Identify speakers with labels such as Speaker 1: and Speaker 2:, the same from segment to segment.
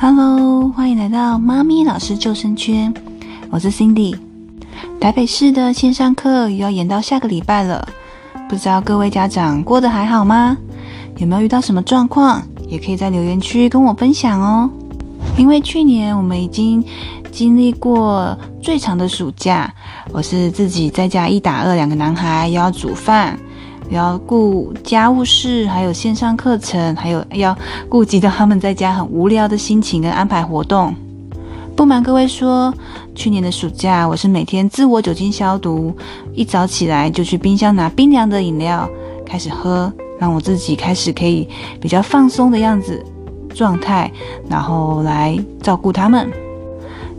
Speaker 1: 哈嘍，歡迎來到媽咪老師救生圈，我是 Cindy。台北市的線上課又要延到下個禮拜了，不知道各位家長過得還好嗎？有沒有遇到什麼狀況？也可以在留言區跟我分享哦。因為去年我們已經經歷過最長的暑假，我是自己在家一打二，兩個男孩又要煮飯。要顧家務事，還有線上課程，還有要顧及到他們在家很無聊的心情，跟安排活動。不瞞各位說，去年的暑假我是每天自我酒精消毒，一早起來就去冰箱拿冰涼的飲料開始喝，讓我自己開始可以比較放鬆的樣子狀態，然後來照顧他們。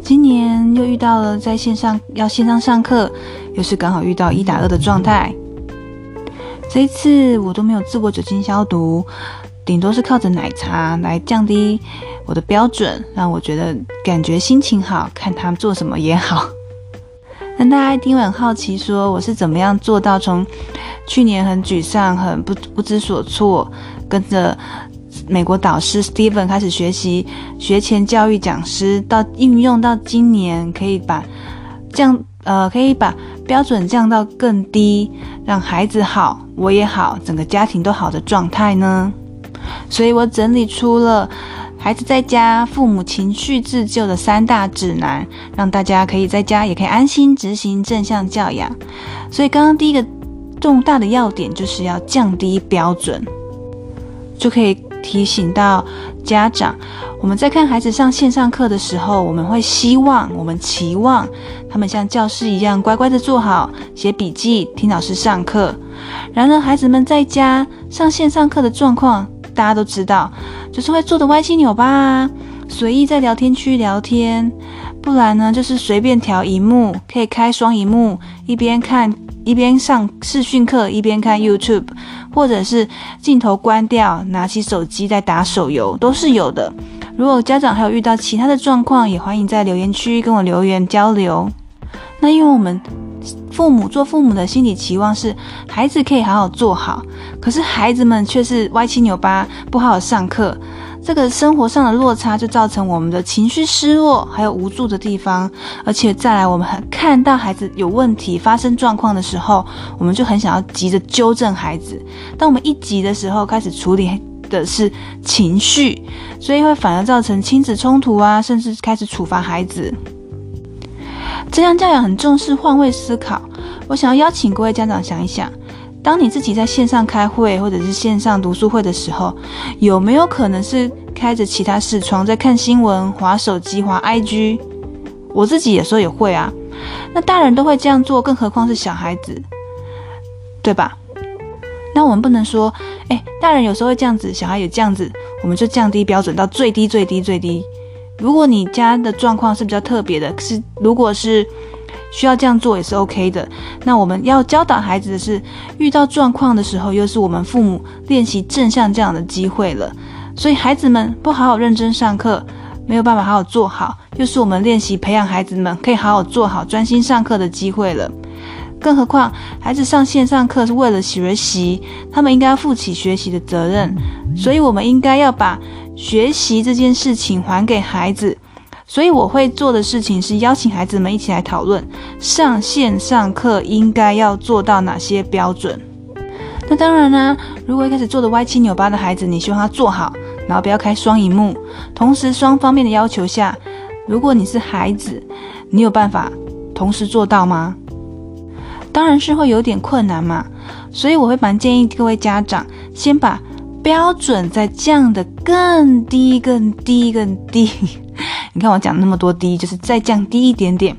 Speaker 1: 今年又遇到了在線上要線上上課，又是剛好遇到一打二的狀態。這一次我都沒有自我酒精消毒，頂多是靠着奶茶來降低我的標準，讓我覺得感覺心情好，看他們做什麼也好。那大家一定很好奇，說我是怎麼樣做到從去年很沮喪、很不不知所措，跟着美國導師 Steven 開始學習學前教育講師，到應用到今年，可以把這樣呃，可以把。標準降到更低，讓孩子好，我也好，整個家庭都好的狀態呢。所以我整理出了孩子在家父母情緒自救的三大指南，讓大家可以在家也可以安心執行正向教養。所以剛剛第一個重大的要點就是要降低標準，就可以提醒到家長。我們在看孩子上線上課的時候，我們會希望，我們期望。他們像教室一樣乖乖的坐好，寫筆記，聽老師上課。然而，孩子們在家上線上課的狀況，大家都知道，就是會坐的歪七扭八，隨意在聊天區聊天；不然呢，就是隨便調螢幕，可以開雙螢幕，一邊看一邊上視訊課，一邊看 YouTube，或者是鏡頭關掉，拿起手機在打手遊，都是有的。如果家長還有遇到其他的狀況，也歡迎在留言區跟我留言交流。那因為我們父母做父母的心理期望是孩子可以好好坐好，可是孩子們卻是歪七扭八，不好好上課，這個生活上的落差就造成我們的情緒失落，還有無助的地方。而且再來，我們還看到孩子有問題發生狀況的時候，我們就很想要急着糾正孩子。當我們一急的時候，開始處理。的是情緒，所以會反而造成親子衝突啊，甚至開始處罰孩子。正向教養很重視換位思考，我想要邀請各位家長想一想：當你自己在線上開會或者是線上讀書會的時候，有沒有可能是開着其他視窗在看新聞、滑手機、滑 IG？我自己有時候也會啊。那大人都會這樣做，更何況是小孩子，對吧？那我們不能說，哎、欸，大人有時候會這樣子，小孩也這樣子，我們就降低標準到最低最低最低。如果你家的狀況是比較特別的，是如果是需要這樣做也是 OK 的。那我們要教導孩子的是，遇到狀況的時候，又是我們父母練習正向教養的機會了。所以孩子們不好好認真上課，沒有辦法好好做好，又、就是我們練習培養孩子們可以好好做好專心上課的機會了。更何況，孩子上線上課是為了學習，他們應該要負起學習的責任。所以，我們應該要把學習這件事情還給孩子。所以，我會做的事情是邀請孩子們一起來討論，上線上課應該要做到哪些標準。那當然啦、啊，如果一開始坐的歪七扭八的孩子，你希望他做好，然後不要開雙螢幕，同時雙方面的要求下，如果你是孩子，你有辦法同時做到嗎？當然是會有點困難嘛，所以我會蠻建議各位家長先把標準再降得更低、更低、更低。 你看我講那麼多低，就是再降低一點點。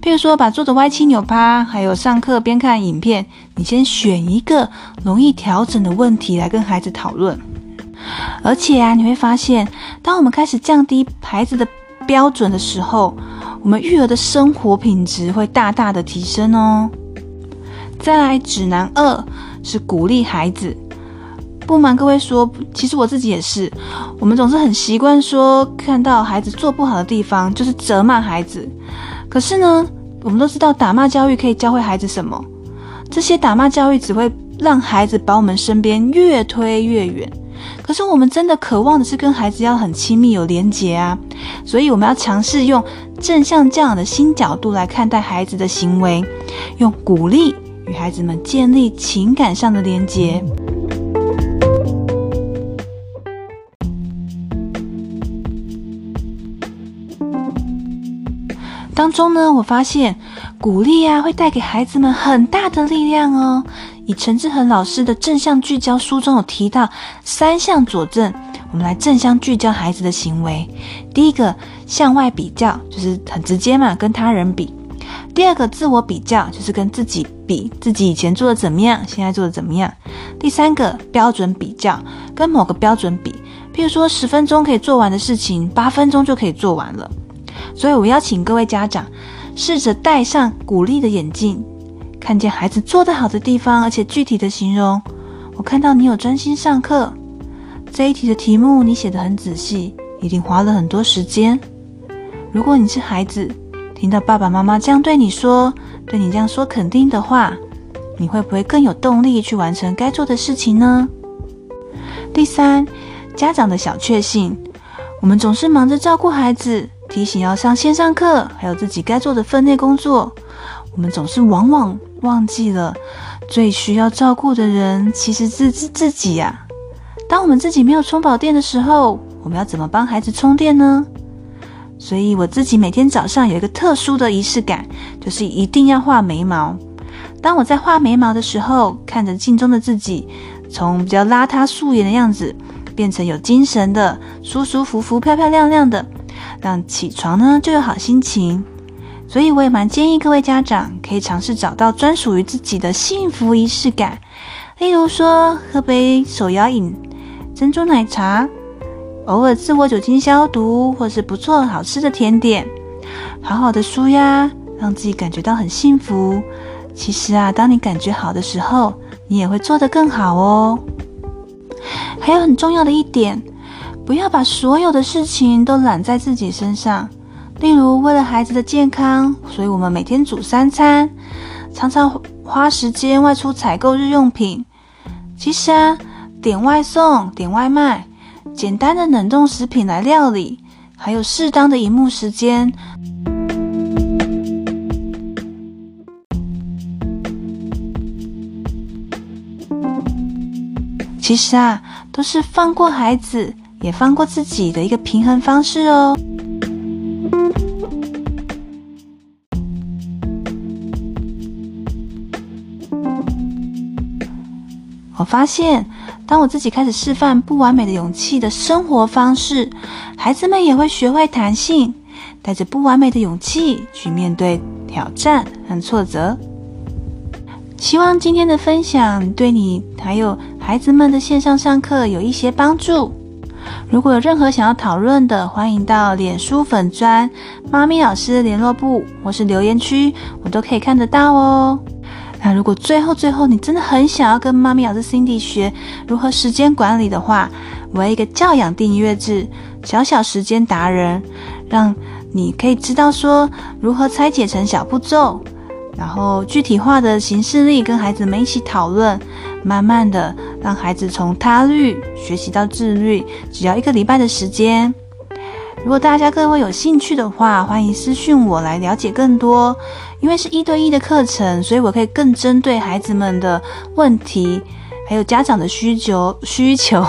Speaker 1: 譬如說，把坐着歪七扭八，還有上課邊看影片，你先選一個容易調整的問題來跟孩子討論。而且啊，你會發現，當我們開始降低孩子的標準的時候，我們育兒的生活品質會大大的提升哦。再來，指南二是鼓勵孩子。不瞞各位說，其實我自己也是。我們總是很習慣說，看到孩子做不好的地方，就是責罵孩子。可是呢，我們都知道打罵教育可以教會孩子什麼？這些打罵教育只會讓孩子把我們身邊越推越遠。可是我們真的渴望的是跟孩子要很親密、有連結啊。所以我們要嘗試用正向教養的新角度來看待孩子的行為，用鼓勵。與孩子們建立情感上的連結當中呢，我發現鼓勵啊，會帶給孩子們很大的力量哦。以陳志恆老師的正向聚焦書中有提到三項佐證，我們來正向聚焦孩子的行為。第一個，向外比較，就是很直接嘛，跟他人比。第二個，自我比較就是跟自己比，自己以前做的怎麼樣，現在做的怎麼樣。第三個標準比較，跟某個標準比，譬如說十分鐘可以做完的事情，八分鐘就可以做完了。所以我邀請各位家長，試着戴上鼓勵的眼鏡，看見孩子做得好的地方，而且具體的形容。我看到你有專心上課，這一題的題目你寫得很仔細，一定花了很多時間。如果你是孩子，聽到爸爸媽媽這樣對你說，對你這樣說肯定的話，你會不會更有動力去完成該做的事情呢？第三，家長的小確幸，我們總是忙着照顧孩子，提醒要上線上課，還有自己該做的分內工作，我們總是往往忘記了最需要照顧的人其實是自自己呀、啊。當我們自己沒有充飽電的時候，我們要怎麼幫孩子充電呢？所以我自己每天早上有一個特殊的儀式感，就是一定要畫眉毛。當我在畫眉毛的時候，看着鏡中的自己，從比較邋遢素顏的樣子，變成有精神的、舒舒服服、漂漂亮亮的，讓起床呢就有好心情。所以我也蠻建議各位家長可以嘗試找到專屬於自己的幸福儀式感，例如說喝杯手搖飲、珍珠奶茶。偶爾自我酒精消毒，或是不錯好吃的甜點，好好的舒壓，讓自己感覺到很幸福。其實啊，當你感覺好的時候，你也會做得更好哦。還有很重要的一點，不要把所有的事情都攬在自己身上。例如，為了孩子的健康，所以我們每天煮三餐，常常花時間外出採購日用品。其實啊，點外送，點外賣。簡單的冷凍食品來料理，還有適當的螢幕時間。其實啊，都是放過孩子，也放過自己的一個平衡方式哦、喔。我發現。當我自己開始示範不完美的勇氣的生活方式，孩子們也會學會彈性，帶着不完美的勇氣去面對挑戰和挫折。希望今天的分享對你還有孩子們的線上上課有一些幫助。如果有任何想要討論的，歡迎到臉書粉專，媽咪老師的聯絡簿或是留言區，我都可以看得到哦。那如果最後最後你真的很想要跟媽咪老師 Cindy 學如何時間管理的話，我要一個教養訂閱制，小小時間達人，讓你可以知道說如何拆解成小步驟，然後具體化的行事曆跟孩子們一起討論，慢慢的讓孩子從他律學習到自律，只要一個禮拜的時間。如果大家各位有興趣的話，歡迎私訊我來了解更多，因為是一對一的課程，所以我可以更針對孩子們的問題，還有家長的需求需求，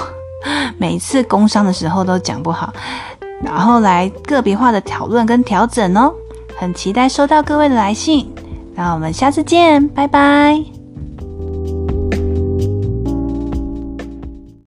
Speaker 1: 每次工商的時候都講不好，然後來個別化的討論跟調整哦，很期待收到各位的來信，那我們下次見，拜拜。